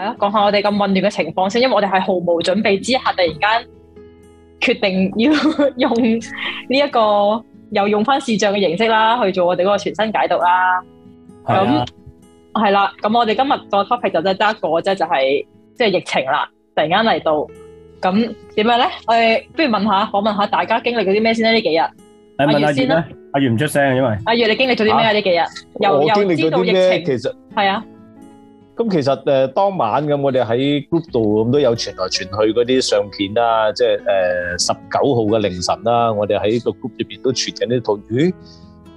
係啦，講下我哋咁混亂嘅情況先，因為我哋係毫無準備之下，突然間決定要用呢、這、一個又用翻視像嘅形式啦，去做我哋嗰個全新解讀啦。咁係啦，咁我哋今日個 topic 就真係得一個啫，就係即係疫情啦，突然間嚟到，咁點樣咧？我哋不如問下，我問下大家經歷咗啲咩先呢？呢幾日，你問阿月先啦、啊。阿月唔出聲，因為阿月你經歷咗啲咩啊？呢幾日又又知道疫情，其實係啊。咁其實誒當晚咁，我哋喺 group 度咁都有傳來傳去嗰啲相片啦，即係誒十九號嘅凌晨啦，我哋喺個 group 入邊都傳緊呢套。咦？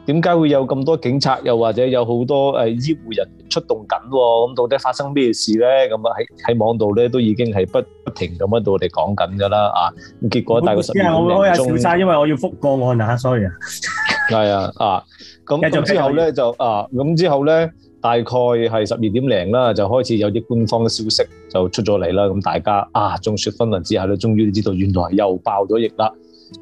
點解會有咁多警察，又或者有好多誒醫護人員出動緊喎？咁到底發生咩事咧？咁啊喺喺網度咧都已經係不不停咁樣同我哋講緊㗎啦啊！咁結果大概十幾分鐘。唔好意思啊，我開下笑曬，因為我要覆個案啊，所以啊。係啊啊！咁繼續之後咧就啊咁之後咧。大概係十二點零啦，就開始有啲官方嘅消息就出咗嚟啦。咁大家啊，眾說紛紜之下咧，終於知道原來又爆咗疫啦。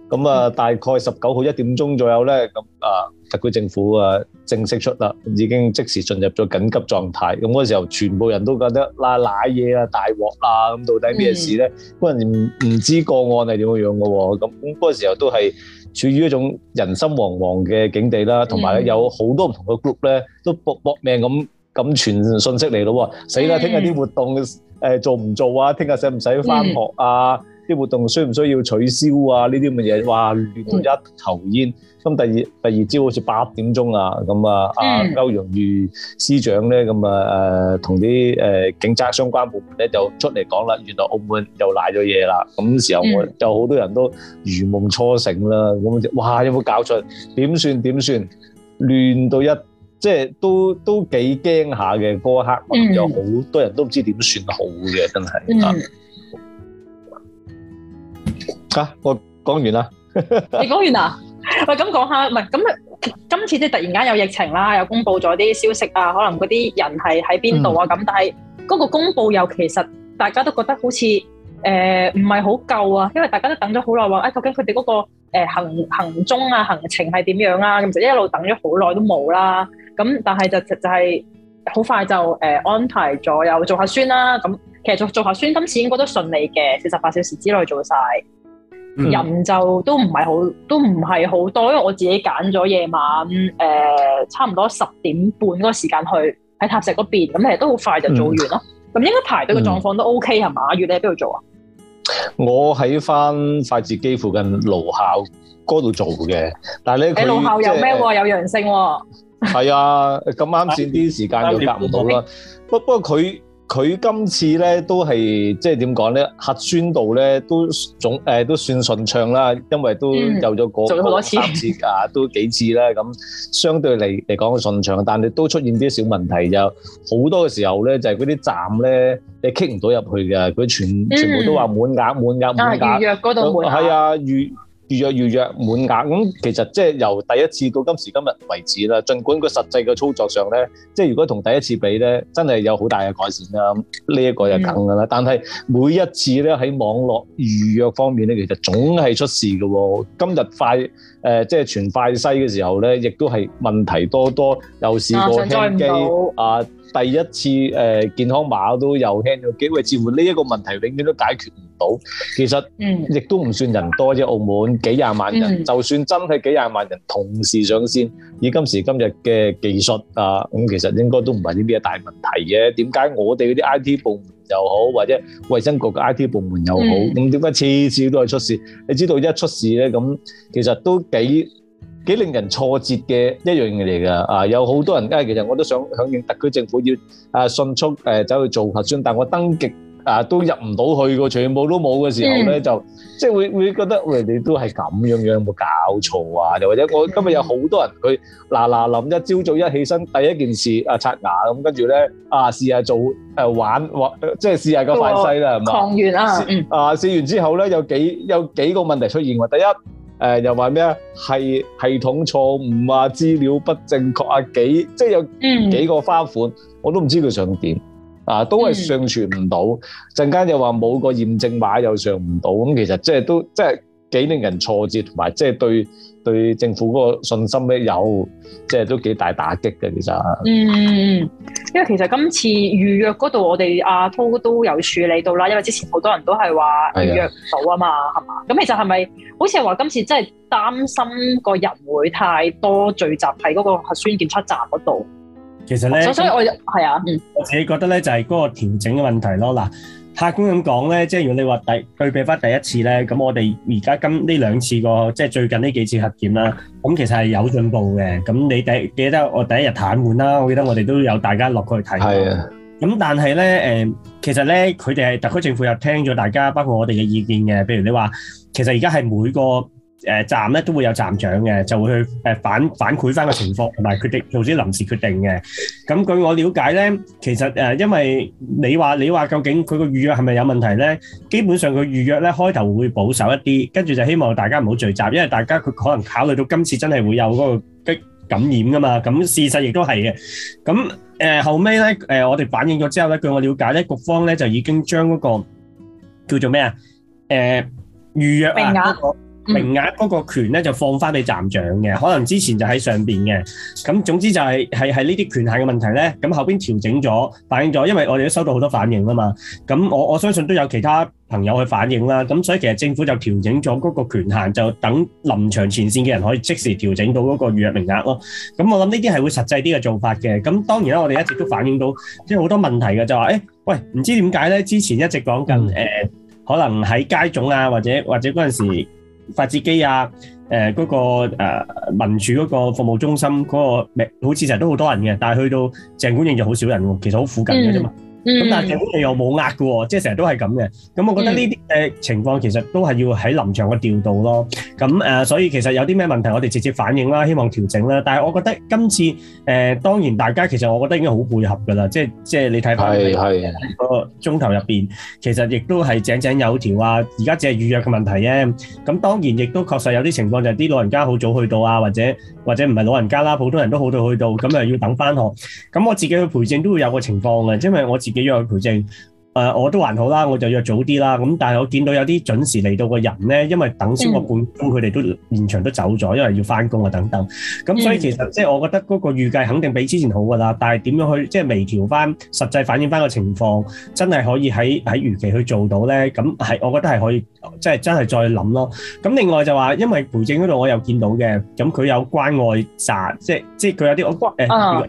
咁啊，大概十九號一點鐘左右咧，咁、嗯、啊，特區政府啊正式出啦，已經即時進入咗緊急狀態。咁嗰時候全部人都覺得啦，瀨嘢啊，大鑊啦，咁到底咩事咧？嗰陣唔知道個案係點樣樣嘅喎。咁嗰時候都係。處於一種人心惶惶嘅境地啦，同埋有好多唔同嘅 group 咧，都搏搏命咁咁傳信息嚟咯喎！死啦，聽日啲活動誒、呃、做唔做啊？聽日使唔使返學啊？嗯嗯啲活動需唔需要取消啊？呢啲咁嘅嘢，哇！亂到一頭煙。咁、嗯、第二第二朝好似八點鐘啊，咁啊，阿、嗯啊、歐陽瑜司長咧，咁啊誒，同啲誒警察相關部門咧就出嚟講啦。原來澳門又賴咗嘢啦。咁時候我就好、嗯、多人都如夢初醒啦。咁啊哇！有冇搞錯？點算點算？亂到一即係都都幾驚下嘅嗰一刻，有好多人都唔知點算好嘅，真係啊！我講完啦。你 講完啦？喂，咁講下，唔係咁。今次即係突然間有疫情啦，又公布咗啲消息啊，可能嗰啲人係喺邊度啊？咁、嗯、但係嗰個公布又其實大家都覺得好似誒唔係好夠啊，因為大家都等咗好耐話，誒、哎、究竟佢哋嗰個誒行行蹤啊行程係點樣啊？咁就一路等咗好耐都冇啦。咁但係就就係好快就誒安排咗，又做核酸啦。咁其實做做核酸今次應該都順利嘅，四十八小時之內做晒。嗯、人就都唔係好，都唔係好多，因為我自己揀咗夜晚，誒、呃、差唔多十點半嗰個時間去喺塔石嗰邊，咁其實都好快就做完咯。咁、嗯、應該排隊嘅狀況都 OK 係、嗯、嘛？阿月你喺邊度做啊？我喺翻快捷機附近路效嗰度做嘅，但係你佢路效有咩、就是？有陽性喎？係啊，咁啱先啲時間又答唔到啦。不不過佢。佢今次咧，都係即係點講咧，核酸度咧，都總誒都算順暢啦，因為都有咗個三次啊，都幾次啦咁，相對嚟嚟講順暢，但係都出現啲小問題，就好多嘅時候咧，就係嗰啲站咧，你傾唔到入去嘅，佢全全部都話滿額滿額滿額，係啊預。預約預約滿額咁，其實即係由第一次到今時今日為止啦。儘管個實際嘅操作上咧，即係如果同第一次比咧，真係有好大嘅改善啦。呢、這、一個就梗㗎啦。但係每一次咧喺網絡預約方面咧，其實總係出事嘅。今日快誒，即、呃、係、就是、全快西嘅時候咧，亦都係問題多多，又試過停機啊。第一次誒健康碼都有聽咗幾位，似乎呢一個問題永遠都解決唔到。其實亦都唔算人多啫，澳門幾廿萬人，就算真係幾廿萬人同時上線，以今時今日嘅技術啊，咁其實應該都唔係啲咩大問題嘅。點解我哋嗰啲 IT 部門又好，或者衞生局嘅 IT 部門又好，咁點解次次都係出事？你知道一出事呢，咁其實都幾～幾令人挫折嘅一樣嘢嚟㗎啊！有好多人，因為其實我都想響應特區政府要啊迅速誒走去做核酸，但我登記啊都入唔到去個，全部都冇嘅時候咧，就即係會會覺得人哋都係咁樣樣，有冇搞錯啊？又或者我今日有好多人佢嗱嗱臨一朝早一起身，第一件事啊刷牙咁，跟住咧啊試下做誒玩玩，即係試下個快篩啦，係嘛？試完啊，啊試完之後咧，有幾有幾個問題出現喎？第一誒、呃、又話咩啊？係系統錯誤啊，資料不正確啊，幾即係有幾個花款，嗯、我都唔知佢想點啊，都係上傳唔到，陣、嗯、間又話冇個驗證碼又上唔到，咁其實即係都即係、即係、幾令人挫折同埋即係對。對政府嗰個信心咧有，即係都幾大打擊嘅其實。嗯，因為其實今次預約嗰度我哋阿 c 都有處理到啦，因為之前好多人都係話預約唔到啊嘛，係嘛？咁其實係咪好似係話今次真係擔心個人會太多聚集喺嗰個核酸檢測站嗰度？其實咧，所以我、嗯，我係啊，我自己覺得咧就係嗰個調整嘅問題咯嗱。客觀咁講呢，即係如果你話第對比返第一次呢，咁我哋而家今呢兩次個即係最近呢幾次核檢啦，咁其實係有進步嘅。咁你第記得我第一日癱瘓啦，我記得我哋都有大家落過去睇。係啊。咁但係呢，誒，其實呢，佢哋係特區政府又聽咗大家包括我哋嘅意見嘅。譬如你話，其實而家係每個，誒站咧都會有站長嘅，就會去誒反反饋返個情況同埋決定做啲臨時決定嘅。咁據我了解咧，其實誒因為你話你話究竟佢個預約係咪有問題咧？基本上佢預約咧開頭會保守一啲，跟住就希望大家唔好聚集，因為大家佢可能考慮到今次真係會有嗰個激感染㗎嘛。咁事實亦都係嘅。咁誒、呃、後尾咧誒我哋反映咗之後咧，據我了解咧，局方咧就已經將嗰、那個叫做咩啊誒預約、啊名額嗰個權咧就放翻俾站長嘅，可能之前就喺上邊嘅，咁總之就係係係呢啲權限嘅問題咧，咁後邊調整咗，反映咗，因為我哋都收到好多反應啊嘛，咁我我相信都有其他朋友去反映啦，咁所以其實政府就調整咗嗰個權限，就等臨場前線嘅人可以即時調整到嗰個預約名額咯，咁我諗呢啲係會實際啲嘅做法嘅，咁當然啦，我哋一直都反映到即係好多問題嘅，就話誒、欸，喂，唔知點解咧？之前一直講緊誒，可能喺街總啊，或者或者嗰陣時。發字機啊，誒、呃、嗰、那個、呃、民署嗰個服務中心嗰、那個，好似成日都好多人嘅，但係去到鄭觀應就好少人喎，其實好附近嘅咋嘛。嗯咁、嗯、但係好似又冇壓嘅喎，即係成日都係咁嘅。咁我覺得呢啲誒情況其實都係要喺臨場嘅調度咯。咁誒，所以其實有啲咩問題我哋直接反映啦，希望調整啦。但係我覺得今次誒、呃、當然大家其實我覺得已經好配合㗎啦，即係即係你睇翻、嗰個鐘頭入邊，其實亦都係井井有條啊。而家只係預約嘅問題啫。咁當然亦都確實有啲情況就係啲老人家好早去到啊，或者或者唔係老人家啦，普通人都好早去到，咁又要等翻學。咁我自己去培正都會有個情況嘅，因為我自己。自己約培正，誒我都還好啦，我就約早啲啦。咁但係我見到有啲準時嚟到嘅人咧，因為等超過半鍾，佢、嗯、哋都現場都走咗，因為要翻工啊等等。咁所以其實即係我覺得嗰個預計肯定比之前好㗎啦。但係點樣去即係微調翻實際反映翻個情況，真係可以喺喺預期去做到咧？咁係我覺得係可以，即係真係再諗咯。咁另外就話，因為培正嗰度我又見到嘅，咁佢有關外殺，即係即係佢有啲我誒。啊呃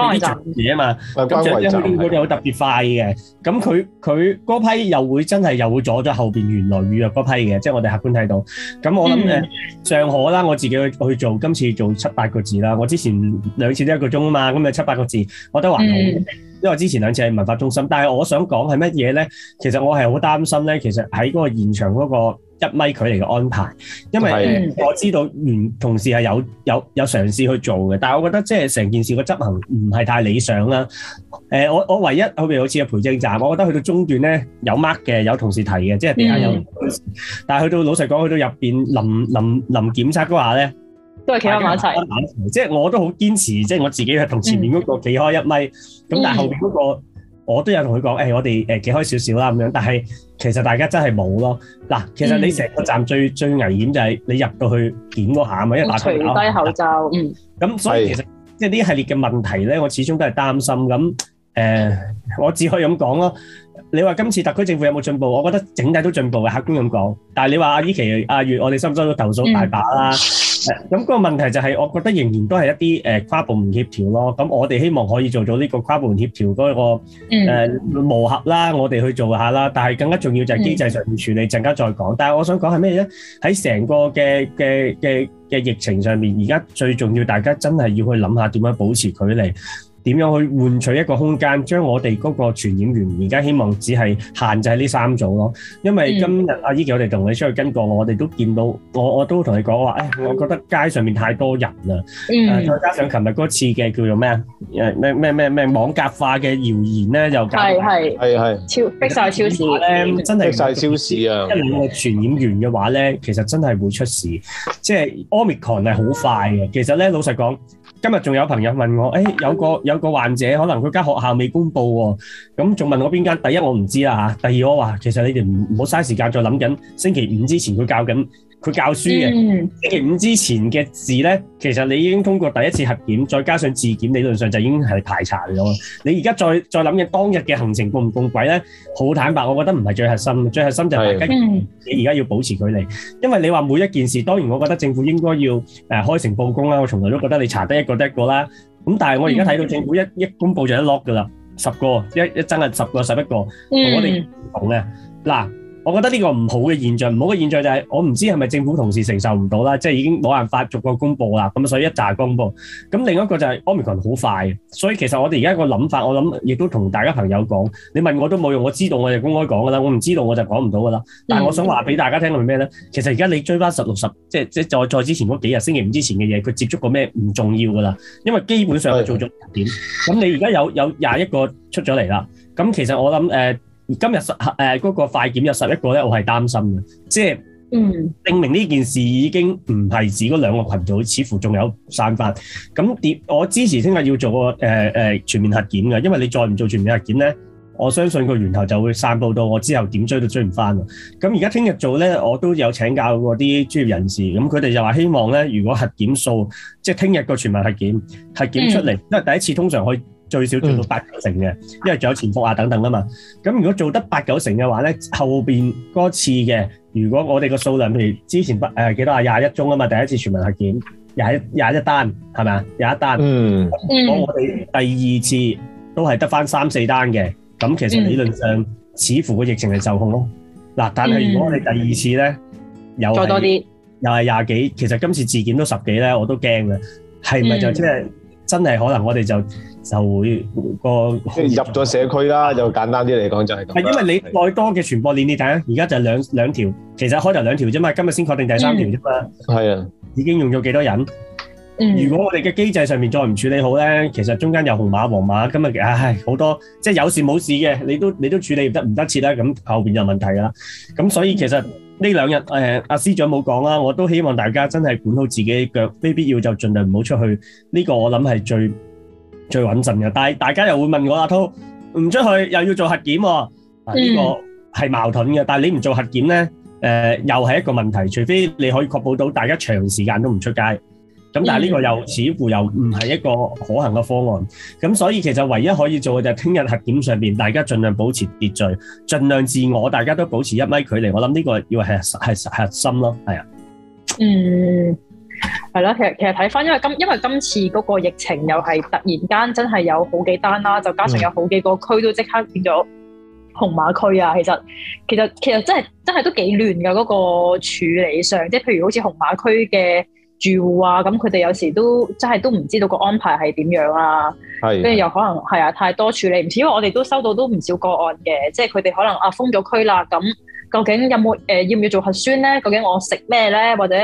翻啊嘛，咁佢好特別快嘅，咁佢佢嗰批又會真係又會阻咗後面原來預約嗰批嘅，即係我哋客觀睇到。咁我諗咧、嗯，上海啦，我自己去去做，今次做七八個字啦。我之前兩次都一個鐘啊嘛，咁就七八個字，我覺得還好。嗯因為我之前兩次係文化中心，但係我想講係乜嘢呢？其實我係好擔心呢，其實喺嗰個現場嗰個一米距離嘅安排，因為我知道原同事係有有有嘗試去做嘅，但係我覺得即係成件事個執行唔係太理想啦。誒、呃，我我唯一比如好似好似阿培正站，我覺得去到中段呢有 mark 嘅，有同事提嘅，即係點解有？嗯、但係去到老實講，去到入邊臨臨臨檢測嗰下咧。都企埋一齊，即係我都好堅持，即、嗯、係我自己係同前面嗰個企開一米，咁、嗯、但係後面嗰、嗰個我都有同佢講，誒，我哋誒企開少少啦，咁、哎、樣。但係其實大家真係冇咯。嗱，其實你成個站最最危險就係你入到去點嗰下啊，因為除低口罩，嗯，咁所以其實即係呢系列嘅問題咧，我始終都係擔心。咁誒、呃，我只可以咁講咯。你話今次特區政府有冇進步？我覺得整體都進步嘅，客觀咁講。但係你話阿依琪、阿月，我哋收唔收到投訴大把啦？咁個問題就係，我覺得仍然都係一啲誒跨部門協調咯。咁我哋希望可以做到呢個跨部門協調嗰個誒磨合啦，我哋去做下啦。但係更加重要就係機制上面處理，陣間再講。但係我想講係咩咧？喺成個嘅嘅嘅嘅疫情上面，而家最重要大家真係要去諗下點樣保持距離。點樣去換取一個空間？將我哋嗰個傳染源，而家希望只係限制喺呢三組咯。因為今日、嗯、阿 e 我哋同你出去跟過，我哋都見到，我我都同你講話，誒，我覺得街上面太多人啦、嗯啊。再加上琴日嗰次嘅叫做咩啊？誒咩咩咩咩網格化嘅謠言咧，又係係係超逼晒超，超，超市咧，真係逼晒超市啊！一五嘅傳染源嘅話咧，其實真係會出事。即係 Omicron 係好快嘅。其實咧，老實講。今日仲有朋友問我、欸有個，有個患者，可能佢間學校未公布喎、哦，咁仲問我邊間？第一我唔知啦、啊、第二我話其實你哋唔唔好嘥時間再諗緊，星期五之前佢教緊。佢教書嘅，星期五之前嘅事呢，其實你已經通過第一次核檢，再加上自檢，理論上就已經係排查咗。你而家再，再想諗嘅當日嘅行程共唔共鬼呢？好坦白，我覺得唔係最核心。最核心就係大家你而家要保持距離，因為你話每一件事，當然我覺得政府應該要開、呃、開城報公啦。我從來都覺得你查得一個得一個啦。咁但係我而家睇到政府一、嗯、一公布就一 lock 㗎啦，十個一一真係十個十一個，一一個個嗯、我哋唔同呢。我覺得呢個唔好嘅現象，唔好嘅現象就係我唔知係咪政府同事承受唔到啦，即係已經冇辦法逐個公布啦。咁所以一紮公布。咁另一個就係 Omicron 好快，所以其實我哋而家個諗法，我諗亦都同大家朋友講，你問我都冇用，我知道我就公開講噶啦，我唔知道我就講唔到噶啦。但係我想話俾大家聽係咩咧？其實而家你追翻十六十，即係即係再再之前嗰幾日星期五之前嘅嘢，佢接觸過咩唔重要噶啦，因為基本上係做咗點。咁你而家有有廿一個出咗嚟啦。咁其實我諗誒。呃今日十誒嗰個快檢有十一個咧，我係擔心嘅，即係嗯、證明呢件事已經唔係指嗰兩個群組，似乎仲有散發。咁跌我支持聽日要做個誒誒、呃、全面核檢嘅，因為你再唔做全面核檢咧，我相信個源頭就會散佈到我之後點追都追唔翻啊。咁而家聽日做咧，我都有請教過啲專業人士，咁佢哋就話希望咧，如果核檢數即係聽日個全民核檢核檢出嚟、嗯，因為第一次通常可以。最少做到八九成嘅、嗯，因為仲有潛伏啊等等啊嘛。咁如果做得八九成嘅話咧，後邊嗰次嘅，如果我哋個數量譬如之前八誒幾多啊，廿一宗啊嘛，第一次全民核檢廿一廿一單係咪啊，廿一單。嗯如果我哋第二次都係得翻三四單嘅，咁其實理論上、嗯、似乎個疫情係受控咯。嗱，但係如果你第二次咧、嗯，又再多啲，又係廿幾，其實今次自檢都十幾咧，我都驚嘅。係咪就即、是、係？嗯真係可能我哋就就會個入咗社區啦。就簡單啲嚟講就係咁。因為你再多嘅傳播鏈，你睇下而家就是兩，兩條，其實開頭兩條咋嘛。今日先確定第三條咋嘛、嗯。已經用咗幾多人、嗯？如果我哋嘅機制上面再唔處理好呢，其實中間有紅碼黃碼，今日唉好多即係有事冇事嘅，你都你都處理唔得唔得切啦。咁後邊有問題啦。咁所以其實。嗯呢兩日誒阿司長冇講啦，我都希望大家真係管好自己腳，非必要就盡量唔好出去。呢個我諗係最最穩陣嘅。但係大家又會問我阿濤，唔出去又要做核檢喎，呢個係矛盾嘅。但係你唔做核檢呢，誒又係一個問題。除非你可以確保到大家長時間都唔出街。咁但係呢個又似乎又唔係一個可行嘅方案，咁、嗯、所以其實唯一可以做嘅就係聽日核檢上邊，大家盡量保持秩序，盡量自我，大家都保持一米距離。我諗呢個要係係核心咯，係啊。嗯，係咯。其實其實睇翻，因為今因為今次嗰個疫情又係突然間真係有好幾單啦，就加上有好幾個區都即刻變咗紅碼區啊。其實其實其實真係真係都幾亂嘅嗰、嗰個處理上，即係譬如好似紅碼區嘅。住戶啊，咁佢哋有時都真係都唔知道個安排係點樣啊，跟住又可能係啊太多處理唔切，因為我哋都收到都唔少個案嘅，即係佢哋可能啊封咗區啦，咁究竟有冇、呃、要唔要做核酸咧？究竟我食咩咧？或者？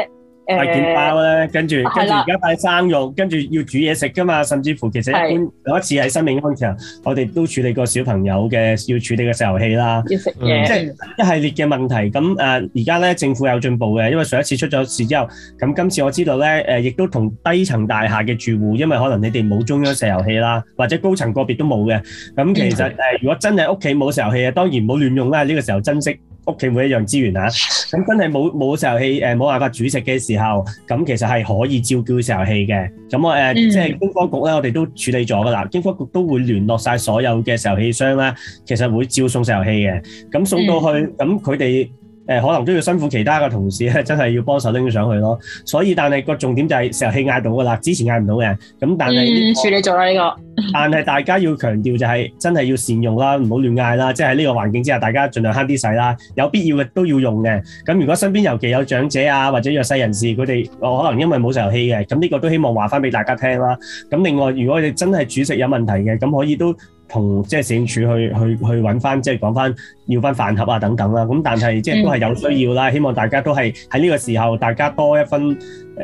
快件包咧、嗯，跟住、啊、跟住而家派生肉，啊、跟住要煮嘢食㗎嘛，甚至乎其實一般有一次喺生命安全，我哋都處理過小朋友嘅要處理嘅石油氣啦，要食嘢，即、就、係、是、一系列嘅問題。咁誒而家咧政府有進步嘅，因為上一次出咗事之後，咁今次我知道咧誒，亦、呃、都同低層大廈嘅住戶，因為可能你哋冇中央石油氣啦，或者高層個別都冇嘅。咁其實誒，如果真係屋企冇石油氣嘅，當然唔好亂用啦，呢、這個時候珍惜。屋企每一樣資源啊，咁真係冇冇石油氣誒，冇辦法煮食嘅時候，咁其實係可以照叫石油氣嘅。咁我誒即係經科局咧，我哋都處理咗噶啦。經科局都會聯絡曬所有嘅石油氣商啦，其實會照送石油氣嘅。咁送到去，咁佢哋。誒可能都要辛苦其他嘅同事，真係要幫手拎上去咯。所以但係個重點就係石油氣嗌到㗎啦，之前嗌唔到嘅。咁但係處理咗啦呢個。但係、嗯這個、大家要強調就係、是、 真係要善用啦，唔好亂嗌啦。即係喺呢個環境之下，大家儘量慳啲使啦。有必要嘅都要用嘅。咁如果身邊尤其有長者啊或者弱勢人士，佢哋可能因為冇石油氣嘅，咁呢個都希望話翻俾大家聽啦。咁另外，如果你真係煮食有問題嘅，咁可以都。同即係社署去去去揾翻，即係講翻要翻飯盒啊等等啦。咁但係即係都係有需要啦、嗯。希望大家都係喺呢個時候，大家多一分誒、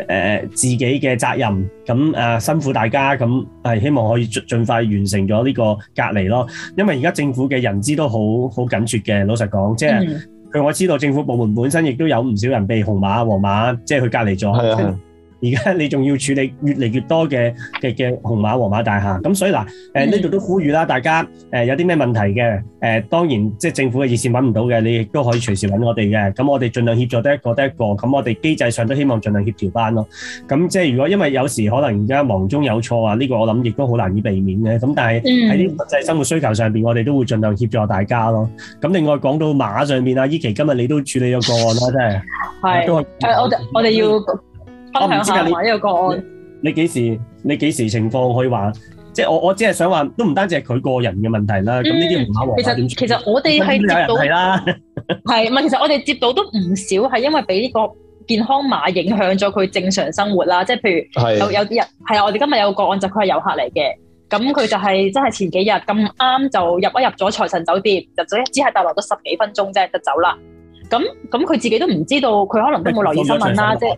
呃、自己嘅責任。咁、呃、誒辛苦大家，咁係希望可以盡快完成咗呢個隔離咯。因為而家政府嘅人資都好好緊缺嘅，老實講，即係佢、嗯、我知道政府部門本身亦都有唔少人被紅碼黃碼，即係去隔離咗。係啊。而家你仲要處理越嚟越多嘅嘅嘅紅碼黃碼大廈，咁所以嗱，誒呢度都呼籲啦，大家誒、呃、有啲咩問題嘅，誒、呃、當然即係、就是、政府嘅熱線揾唔到嘅，你亦都可以隨時揾我哋嘅，咁我哋盡量協助得一個得一個，咁我哋機制上都希望盡量協調翻咯。咁即係如果因為有時可能而家忙中有錯啊，呢、這個我諗亦都好難以避免嘅。咁但係喺啲實際生活需求上邊，嗯、我哋都會盡量協助大家咯。咁另外講到碼上面啊，依期今日你都處理咗個案啦，真係係我哋我哋要。分享下呢個個案我唔知啊！你、這個個案嗯、你幾時？你幾時情況可以話？即係我我只係想話，都唔單止係佢個人嘅問題啦。咁呢啲唔好話點算？其實我哋係接到係咪？其實我哋接到都唔少，係因為俾呢個健康碼影響咗佢正常生活啦。即係譬如有有啲人係啊！我哋今日有個,個案就佢係遊客嚟嘅，咁佢就係、是、真係前幾日咁啱就入一入咗財神酒店，入咗只係逗留咗十幾分鐘啫，就走啦。咁咁佢自己都唔知道，佢可能都冇留意新聞啦，即係。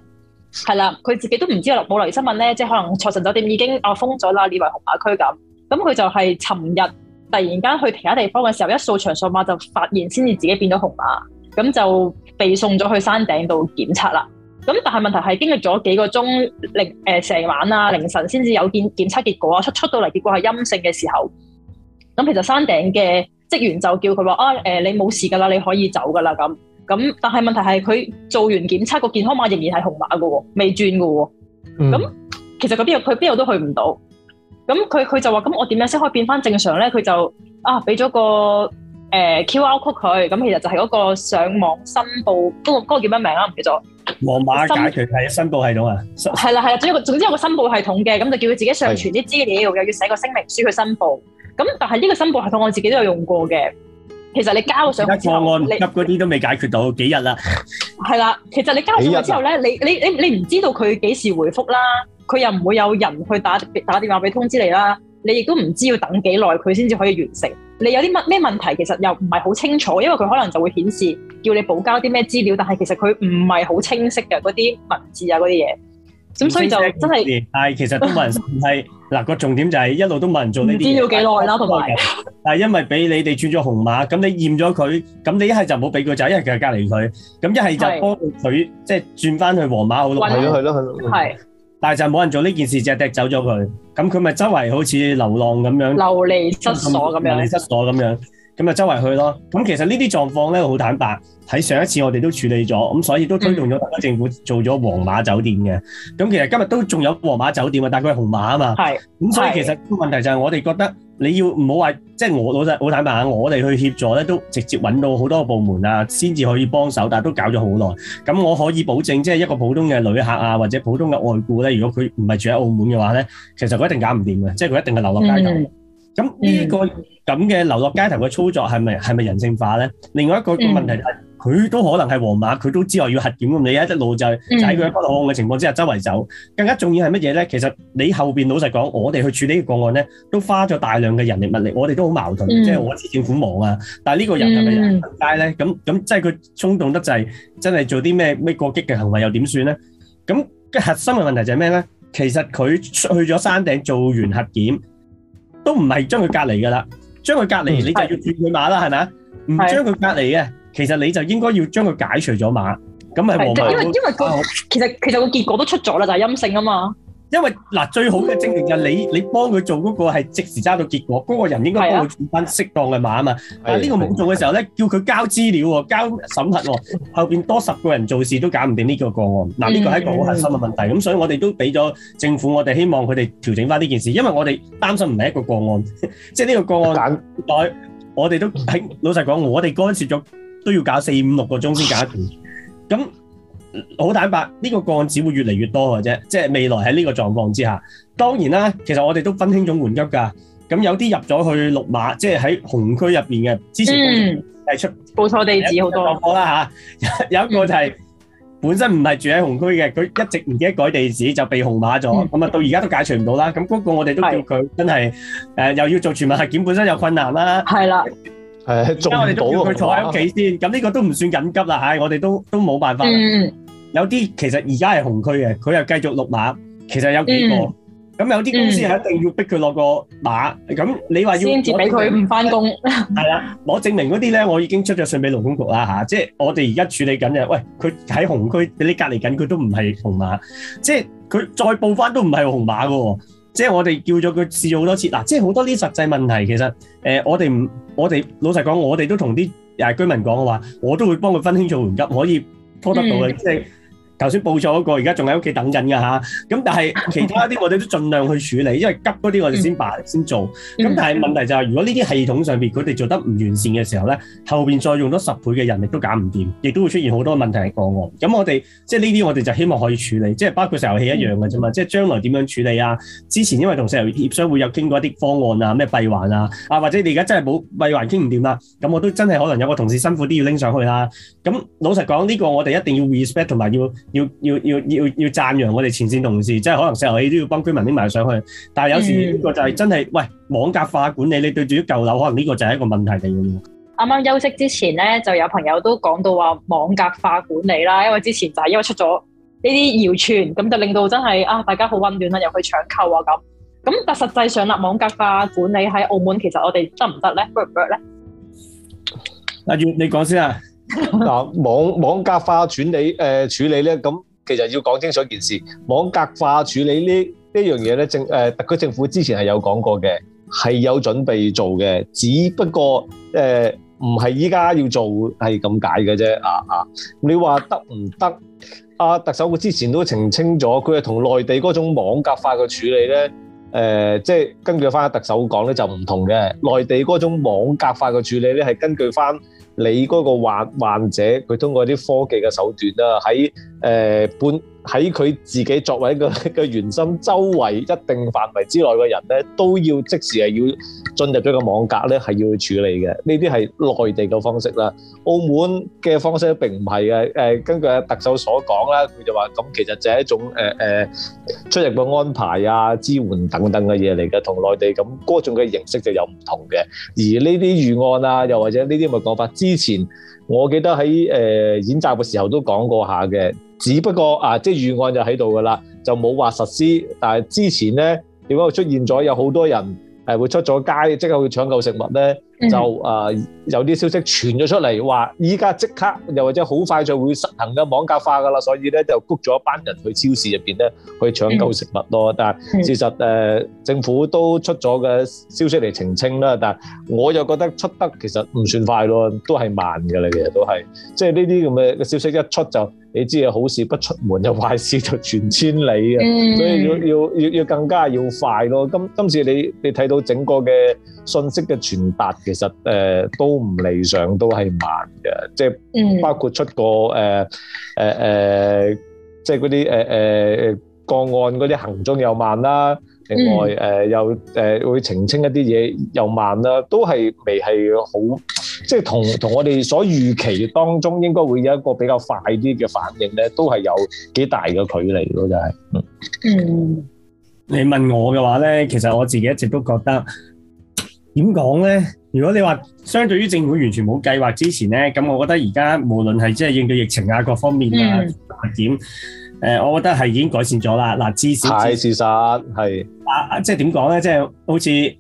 係啦，佢自己都唔知有冇留意新聞咧，即係可能財神酒店已經啊封咗啦，列為紅碼區咁。咁佢就係尋日突然間去其他地方嘅時候，一掃場掃碼就發現，先至自己變咗紅碼，咁就被送咗去山頂度檢測啦。咁但係問題係經歷咗幾個鐘凌誒，成晚啊，凌晨先至有檢檢測結果啊，出出到嚟結果係陰性嘅時候，咁其實山頂嘅職員就叫佢話啊，誒、呃、你冇事㗎啦，你可以走㗎啦咁。咁，但係問題係佢做完檢測個健康碼仍然係紅碼嘅喎，未轉嘅喎。咁、嗯、其實佢邊度佢邊度都去唔到。咁佢佢就話：咁我點樣先可以變翻正常咧？佢就啊，俾咗個誒、呃、QR code 佢。咁其實就係嗰個上網申報，嗰、嗰個叫乜名啊？唔記得咗。黃碼解除係申報系統啊。係啦係啦，總之總之有個申報系統嘅，咁就叫佢自己上傳啲資料，又要寫個聲明書去申報。咁但係呢個申報系統我自己都有用過嘅。其實你交上去之後，個案急嗰啲都未解決到，幾日啦？係啦，其實你交咗之後咧，你你你你唔知道佢幾時回覆啦，佢又唔會有人去打打電話俾通知你啦，你亦都唔知要等幾耐佢先至可以完成。你有啲乜咩問題，其實又唔係好清楚，因為佢可能就會顯示叫你補交啲咩資料，但係其實佢唔係好清晰嘅嗰啲文字啊嗰啲嘢。咁所以就真係，但係其實都冇人，係，嗱，個重點就係一路都冇人做呢啲。唔知要幾耐啦，同埋，但係因為俾你哋轉咗紅碼，咁你驗咗佢，咁你一係就唔好俾佢走，一係就隔離佢，咁一係就幫佢即係轉翻去黃碼好咯，係咯，係咯，係。但係就冇人做呢件事，淨係抌走咗佢，咁佢咪周圍好似流浪咁樣，流離失所咁樣，流離失所咁樣。咁就周圍去咯。咁其實呢啲狀況呢，好坦白，喺上一次我哋都處理咗，咁所以都推動咗政府、嗯、做咗黃碼酒店嘅。咁其實今日都仲有黃碼酒店，但係佢係紅碼嘛。咁所以其實問題就係我哋覺得你要唔好話，即係我老實好坦白，我哋去協助呢都直接揾到好多部門啊，先至可以幫手，但都搞咗好耐。咁我可以保證，即係一個普通嘅旅客啊，或者普通嘅外顧呢，如果佢唔係住喺澳門嘅話呢，其實佢一定搞唔掂嘅，即係佢一定係流落街頭。嗯咁呢個咁嘅流落街頭嘅操作係咪係咪人性化呢？另外一個嘅問題係佢都可能係皇馬，佢都知道要核檢咁，你一路就喺佢一個案嘅情況之下周圍走。更加重要係乜嘢呢？其實你後面老實講，我哋去處理個案呢，都花咗大量嘅人力物力，我哋都好矛盾，即、嗯、係、就是、我哋政府忙呀，但呢個人係咪行街呢，咁、嗯、咁即係佢衝動得滯、就是，真係做啲咩咩過激嘅行為又點算呢？咁核心嘅問題就係咩呢？其實佢去咗山頂做完核檢。都唔係將佢隔離㗎喇。將佢隔離、嗯、你就要轉佢碼啦，係咪？唔將佢隔離嘅，其實你就應該要將佢解除咗碼，咁係冇，因為因為、嗰個、啊、其實其實個結果都出咗啦，就係、是、陰性啊嘛。因為嗱，最好嘅證明就係你你幫佢做嗰個係即時揸到結果，嗰、那個人應該幫佢轉翻適當嘅碼啊嘛。但呢個冇做嘅時候咧，叫佢交資料交審核喎，後邊多十個人做事都搞唔掂呢個個案。嗱、這、呢個係一個好核心嘅問題，咁、嗯、所以我哋都俾咗政府，我哋希望佢哋調整翻呢件事，因為我哋擔心唔係一個個案，即係呢個個案， 我我哋都係老實講，我哋干涉咗都要搞四五,五六個鐘先搞掂，咁。 好坦白，呢、這個個案只會越嚟越多嘅啫，即係未來喺呢個狀況之下，當然啦，其實我哋都分輕重緩急㗎。咁有啲入咗去綠碼即係喺紅區入面嘅，之前係、嗯、出報錯地址好多。有啦吓，有一個就係、是嗯、本身唔係住喺紅區嘅，佢一直唔記得改地址就被紅碼咗，咁、嗯、啊到而家都解除唔到啦。咁嗰個我哋都叫佢真係、呃、又要做全民核檢，本身有困難啦。係啦，係啊，而家我哋都叫佢坐喺屋企先。咁、嗯、呢個都唔算緊急啦嚇，我哋都都冇辦法。嗯有啲其實而家係紅區嘅，佢又繼續綠馬。其實有幾個咁、嗯、有啲公司係一定要逼佢落個馬。咁、嗯、你話要先接俾佢唔翻工。係啦，我證明嗰啲咧，我已經出咗信俾勞工局啦嚇、啊，即係我哋而家處理緊嘅。喂，佢喺紅區你隔離緊，佢都唔係紅馬，即係佢再報翻都唔係紅馬嘅。即係我哋叫咗佢試咗好多次。嗱、啊，即係好多啲實際問題，其實誒我哋唔，我哋老實講，我哋都同啲誒居民講嘅話，我都會幫佢分輕重緩急，可以拖得到嘅，即、嗯、係。就是頭先報錯嗰個，而家仲喺屋企等緊㗎嚇。咁但係其他啲我哋都盡量去處理，因為急嗰啲我哋先辦先做。咁但係問題就係、是，如果呢啲系統上面佢哋做得唔完善嘅時候咧，後邊再用多十倍嘅人力都揀唔掂，亦都會出現好多問題嘅個案。咁我哋即係呢啲我哋就希望可以處理，即係包括石油氣一樣嘅啫嘛。即係將來點樣處理啊？之前因為同石油業商會有傾過一啲方案啊，咩閉環啊，啊或者你而家真係冇閉環傾唔掂啦，咁我都真係可能有個同事辛苦啲要拎上去啦。咁老實講，呢、這個我哋一定要 respect 同埋要。要要要要要讚揚我哋前線同事，即係可能石油氣都要幫居民拎埋上去，但係有時呢個就係真係喂，網格化管理，你對住啲舊樓，可能呢個就係一個問題嚟嘅喎。啱啱休息之前咧，就有朋友都講到話網格化管理啦，因為之前就係因為出咗呢啲謠傳，咁就令到真係啊大家好溫暖啦，又去搶購啊咁。咁但實際上啦，網格化管理喺澳門其實我哋得唔得咧？work 唔 work 咧？阿裕，你講先啊！嗱， 網網格化處理誒、呃、處理咧，咁其實要講清楚一件事，網格化處理呢呢樣嘢咧，政誒、呃、特區政府之前係有講過嘅，係有準備做嘅，只不過誒唔係依家要做係咁解嘅啫，啊啊，你話得唔得？啊特首佢之前都澄清咗，佢係同內地嗰種網格化嘅處理咧，誒即係根據翻特首講咧就唔同嘅，內地嗰種網格化嘅處理咧係根據翻。你嗰個患患者，佢通過啲科技嘅手段啦，喺，誒半喺佢自己作為一個個圓心，周圍一定範圍之內嘅人咧，都要即時係要進入咗個網格咧，係要去處理嘅。呢啲係內地嘅方式啦，澳門嘅方式並唔係嘅。誒、呃，根據特首所講啦，佢就話咁，咁其實就係一種誒誒、呃呃、出入嘅安排啊、支援等等嘅嘢嚟嘅，同內地咁嗰種嘅形式就有唔同嘅。而呢啲預案啊，又或者呢啲咁嘅講法，之前。我記得喺演習嘅時候都講過下嘅，只不過啊，即係預案就喺度㗎啦，就冇話實施。但係之前呢，點解會出現咗有好多人係會出咗街，即係去搶購食物呢？就誒、呃、有啲消息傳咗出嚟，話依家即刻又或者好快就會實行嘅網格化噶啦，所以咧就谷咗一班人去超市入邊咧去搶購食物咯。但事實誒、呃、政府都出咗嘅消息嚟澄清啦，但我又覺得出得其實唔算快咯，都係慢噶啦。其實都係即係呢啲咁嘅嘅消息一出就。你知啊，好事不出門，就壞事就傳千里啊，所以要要要要更加要快咯。今今次你你睇到整個嘅信息嘅傳達，其實誒、呃、都唔理想，都係慢嘅，即係包括出個誒誒誒，即係啲誒誒誒個案嗰啲行蹤又慢啦。另外，又、嗯呃呃呃、會澄清一啲嘢又慢啦，都係未係好，即、就、係、是、同同我哋所預期當中應該會有一個比較快啲嘅反應咧，都係有幾大嘅距離咯，就係。嗯，你問我嘅話咧，其實我自己一直都覺得點講咧？如果你話相對於政府完全冇計劃之前咧，咁我覺得而家無論係即係應對疫情啊，各方面啊點、嗯呃、我覺得係已經改善咗啦。嗱，至少係事啊！即係點講咧？即係好似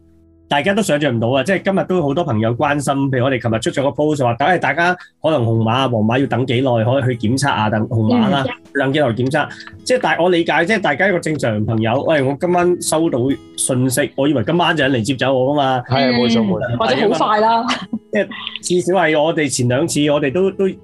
大家都想象唔到啊！即係今日都好多朋友關心，譬如我哋琴日出咗個 post 話，等下大家可能紅碼啊、黃碼要等幾耐，可以去檢測啊，等紅碼啦，等幾耐檢測。即係大我理解，即係大家一個正常朋友，喂，我今晚收到信息，我以為今晚就嚟接走我噶嘛。係冇錯冇錯，或者好快啦。 即係至少係我哋前兩次，我哋都都。都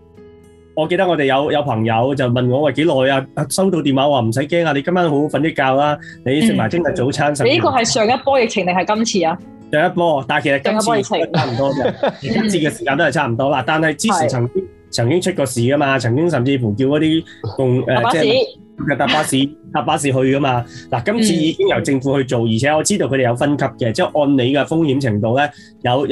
我記得我哋有有朋友就問我話幾耐啊？收到電話話唔使驚啊！你今晚好好瞓啲覺啦，啊，你食埋聽日早餐。呢、嗯、個係上一波疫情定係今次啊？上一波，但係其實今次疫情差唔多嘅， 今次嘅時間都係差唔多啦。但係之前曾經曾經出過事噶嘛，曾經甚至乎叫嗰啲共誒即係。爸爸呃即係搭巴，巴士去㗎嘛？嗱，今次已經由政府去做，而且我知道佢哋有分級嘅，即係按你嘅風險程度咧，有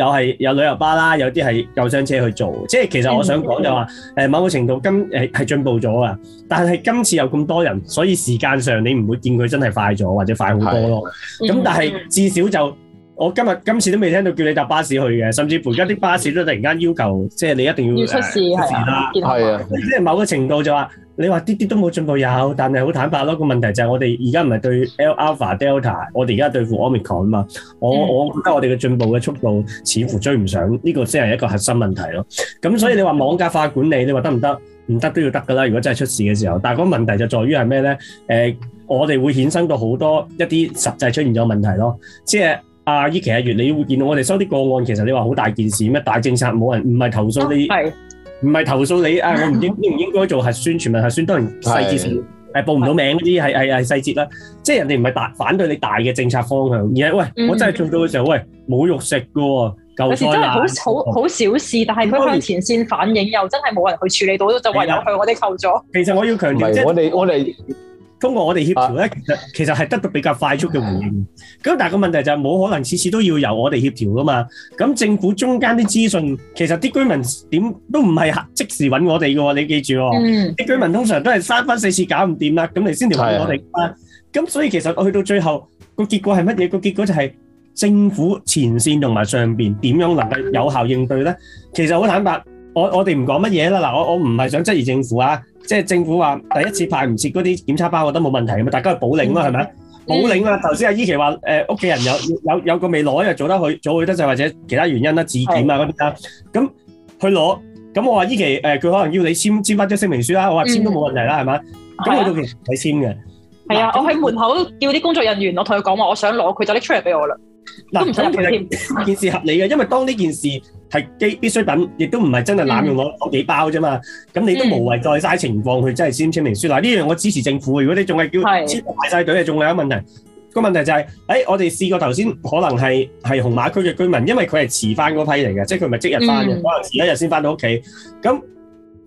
旅遊巴啦，有啲係救傷車去做。即係其實我想講就話， 某個程度今誒係進步咗啊！但係今次有咁多人，所以時間上你唔會見佢真係快咗或者快好多咯。咁 但係至少就我今日今次都未聽到叫你搭巴士去嘅，甚至乎而家啲巴士都突然間要求，即係你一定要要出事係啦，係啊，啊啊即係某個程度就話。你話啲啲都冇進步有，但係好坦白咯。個問題就係我哋而家唔係對、L、Alpha Delta，我哋而家係對付 Omicron 啊嘛。我我覺得我哋嘅進步嘅速度似乎追唔上，呢、呢個先係一個核心問題咯。咁所以你話網格化管理，你話得唔得？唔得都要得㗎啦。如果真係出事嘅時候，但係個問題就在於係咩咧？誒、呃，我哋會衍生到好多一啲實際出現咗問題咯。即係阿依期嘅月你會見到我哋收啲個案，其實你話好大件事咩？大政策冇人唔係投訴啲唔係投訴你啊！我唔應應唔應該做核酸、全民核酸，當然細節事係、啊、報唔到名嗰啲係係係細節啦。即係人哋唔係大反對你大嘅政策方向，而係喂、嗯、我真係做到嘅時候，喂冇肉食㗎喎，有時真係好好好小事，但係佢向前線反映又真係冇人去處理到，就唯有向我哋求助。其實我要強調、就係、我哋我哋。通過我哋協調咧、啊，其實其實係得到比較快速嘅回應。咁、啊、但係個問題就係、是、冇可能次次都要由我哋協調噶嘛。咁政府中間啲資訊，其實啲居民點都唔係即時揾我哋嘅喎。你記住、哦，啲、嗯、居民通常都係三番四次搞唔掂啦。咁你先至揾我哋。咁所以其實我去到最後個結果係乜嘢？個結果就係政府前線同埋上面點樣能夠有效應對咧？其實好坦白。我我哋唔講乜嘢啦，嗱，我不我唔係想質疑政府啊，即、就、係、是、政府話第一次派唔切嗰啲檢測包，我覺得冇問題咁啊，大家去補領啦，係咪啊？補領啊！頭先阿依琪話誒，屋企、啊嗯 e 呃、人有有有個未攞，又做得去早去得，就或者其他原因啦，自檢啊嗰啲啊，咁去攞。咁我話依、e、期誒，佢、呃、可能要你簽簽返張聲明書啦，我話簽都冇問題啦，係、嗯、嘛？咁去到邊睇簽嘅？係啊，是我喺門口叫啲工作人員，我同佢講話，我想攞，佢就拎出嚟俾我啦。嗱咁，其實件事合理嘅，因為當呢件事係基必需品，亦都唔係真係濫用我我幾包啫嘛。咁、嗯、你都無謂再嘥情況去真係簽簽名書。嗱、嗯、呢樣我支持政府。如果你仲係叫埋晒隊，係仲有一問題。個問題就係、是，誒、哎、我哋試過頭先，可能係係紅碼區嘅居民，因為佢係遲翻嗰批嚟嘅，即係佢唔係即日翻嘅、嗯，可能遲一日先翻到屋企。咁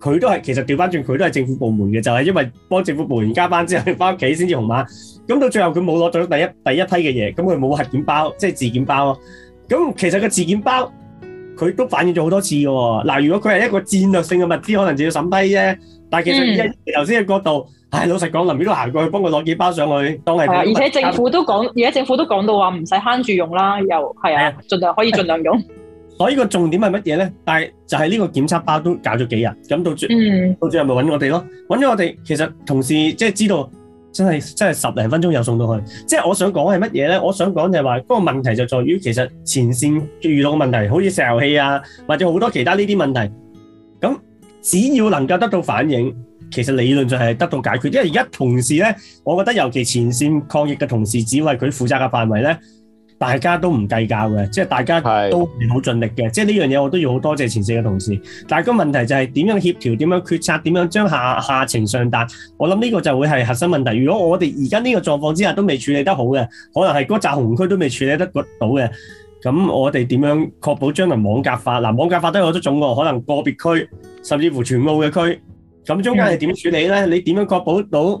佢都係其實調翻轉，佢都係政府部門嘅，就係、是、因為幫政府部門加班之後翻屋企先至紅碼。咁到最後佢冇攞到第一第一批嘅嘢，咁佢冇核檢包，即係自檢包。咁其實個自檢包佢都反映咗好多次嘅喎。嗱，如果佢係一個戰略性嘅物資，可能就要審批啫。但係其實依家頭先角度，唉、哎，老實講，林宇都行過去幫佢攞幾包上去當係。而且政府都講，而家政府都講到話唔使慳住用啦，又係啊，盡量、啊、可以盡量用。 我、哦、呢、這個重點係乜嘢咧？但係就係呢個檢測包都搞咗幾日，咁到最、嗯、到最後咪揾我哋咯，揾咗我哋。其實同事即係知道，真係真係十零分鐘又送到去。即係我想講係乜嘢咧？我想講就係、是、話，嗰、那個問題就在於其實前線遇到嘅問題，好似石油氣啊，或者好多其他呢啲問題。咁只要能夠得到反映，其實理論上係得到解決。因為而家同事咧，我覺得尤其前線抗疫嘅同事只的範圍呢，只係佢負責嘅範圍咧。大家都不計較的，大家都很盡力的，是的。即是這樣嘢我都要好多謝前四個同事。但個問題就是怎樣協調，怎樣決策，怎樣將下下情上達。我想這個就會是核心問題。如果我們現在這個狀況之下都沒處理得好的，可能是嗰啲紅區都沒處理得到的，那我們怎麼確保將來網格化？網格化都有好多種喎，可能個別區甚至乎全澳的區，咁中間是怎麼處理呢？你怎麼確保到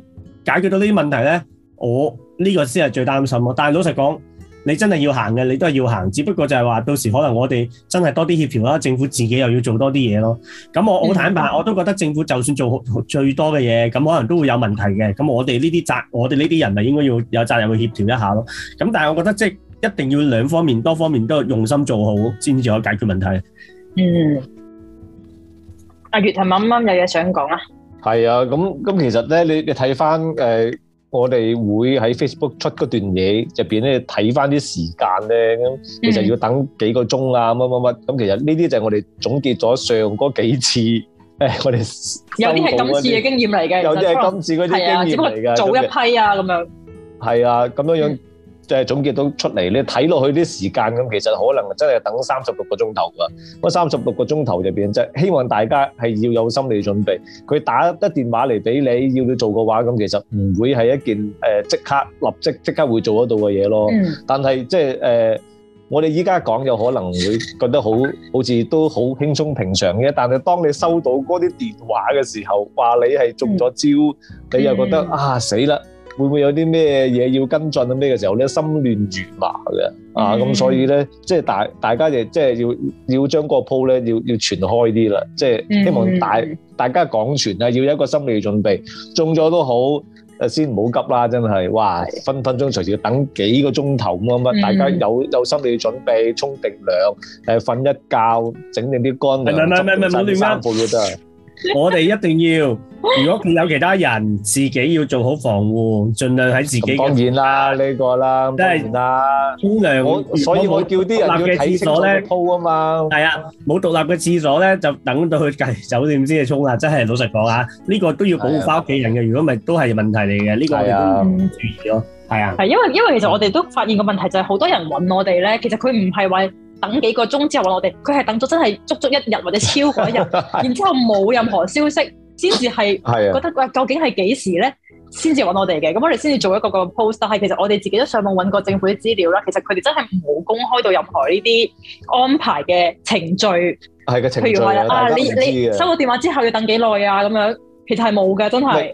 解決到這些問題呢？我這個才是最擔心的。但是老實講你真係要行嘅，你都係要行，只不過就係話到時可能我哋真係多啲協調啦，政府自己又要做多啲嘢咯。咁我好坦白，嗯，我都覺得政府就算做最多嘅嘢，咁可能都會有問題嘅。咁我哋呢啲責，我哋呢啲人咪應該要有責任去協調一下咯。咁但係我覺得即係一定要兩方面、多方面都用心做好，先至可以解決問題。嗯，阿月係啱啱有嘢想講啊？係啊，咁咁其實咧，你你睇翻誒。呃我哋會喺 Facebook 出嗰段嘢入邊咧睇翻啲時間咧，咁其實要等幾個鐘啊，乜乜乜咁。其實呢啲就係我哋總結咗上嗰幾次誒、哎，我哋有啲係今次嘅經驗嚟嘅，有啲係今次嗰啲經驗嚟嘅，啊、早一批啊咁樣。係啊，咁樣樣、嗯。就係總結到出嚟你睇落去啲時間咁，其實可能真係等三十六個鐘頭㗎。不過三十六個鐘頭入邊，即係希望大家係要有心理準備。佢打一電話嚟俾你，要你做個話，咁其實唔會係一件誒即刻立即即刻會做得到嘅嘢咯。嗯、但係即係誒，我哋依家講有可能會覺得好好似都好輕鬆平常嘅，但係當你收到嗰啲電話嘅時候，話你係中咗招、嗯，你又覺得、嗯、啊死啦！會唔會有啲咩嘢要跟進啊？咩嘅時候咧，心亂如麻嘅啊！咁所以咧，即係大大家亦即係要要將個鋪咧，要要傳開啲啦。即係希望大大家講傳啊，要有一個心理準備，中咗都好，誒先唔好急啦。真係，哇！分分鐘隨時等幾個鐘頭咁樣，大家有有心理準備，沖滴涼，誒瞓一覺，整定啲乾糧，執啲衫褲咁樣。我哋一定要，如果見有其他人，自己要做好防護，盡量喺自己。當然啦，呢個啦，都係得。姑娘，我所以我叫啲人要睇廁所咧鋪啊嘛。係啊，冇獨立嘅廁所咧，就等到去隔籬酒店先至沖啊！真係老實講啊，呢個都要保護翻屋企人嘅。如果咪都係問題嚟嘅，呢個我哋都注意咯。係啊，係因為因為其實我哋都發現個問題就係好多人揾我哋咧，其實佢唔係話。等幾個鐘之後揾我哋，佢係等咗真係足足一日或者超過一日， 然之後冇任何消息，先至係覺得究竟係幾時咧先至揾我哋嘅？咁我哋先至做一個一個 post。但係其實我哋自己都上網揾過政府啲資料啦，其實佢哋真係冇公開到任何呢啲安排嘅程序。係嘅程序啊，譬如話啊，你你收到電話之後要等幾耐啊？咁樣其實係冇㗎，真係。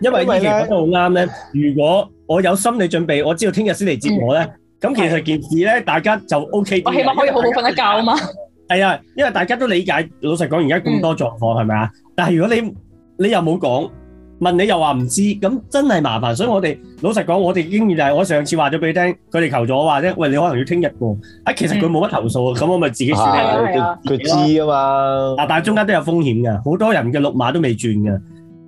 因為以前講得好啱咧，如果我有心理準備，我知道聽日先嚟接我咧，嗯。咁其實件事咧，大家就 O、OK、K。我起碼可以好好瞓得覺啊嘛。係 啊，因為大家都理解。老實講，而家咁多狀況係咪啊？但係如果你你又冇講，問你又話唔知，咁真係麻煩。所以我哋、嗯、老實講，我哋經驗就係、是，我上次話咗俾你聽，佢哋求咗我話啫。喂，你可能要聽日喎。啊，其實佢冇乜投訴啊。咁、嗯、我咪自己處理。佢知啊嘛。嗱，但係中間都有風險㗎。好多人嘅綠碼都未轉㗎。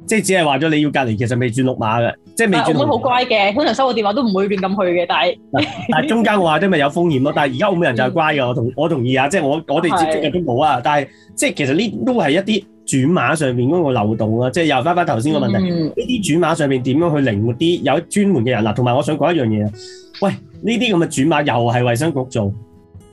即係只係話咗你要隔離，其實未轉綠碼嘅，即係未轉綠碼。澳門好乖嘅，澳門收個電話都唔會變咁去嘅。但係，但係中間話都咪有風險咯。 但係而家澳門人就係乖嘅。我同、嗯、我同意啊、就是。即係我我哋接觸嘅都冇啊。但係即係其實呢都係一啲轉碼上面嗰個漏洞啊。即係又翻翻頭先個問題，呢、嗯、啲轉碼上面點樣去靈活啲？有專門嘅人啦。同、啊、埋我想講一樣嘢啊。喂，呢啲咁嘅轉碼又係衞生局做，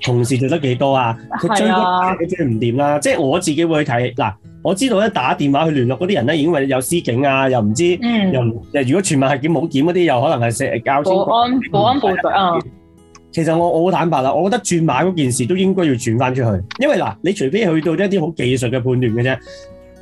同時做得幾多啊？佢追嗰即追唔掂啦。即係我自己會去睇嗱。啊我知道咧，打電話去聯絡嗰啲人咧，已經係有司警啊，又唔知道、嗯，又即如果全民係檢冇檢嗰啲，又可能係懲教官、保安、保安部隊啊。其實我我好坦白啦，我覺得轉碼嗰件事都應該要轉翻出去，因為嗱，你除非去到一啲好技術嘅判斷嘅啫。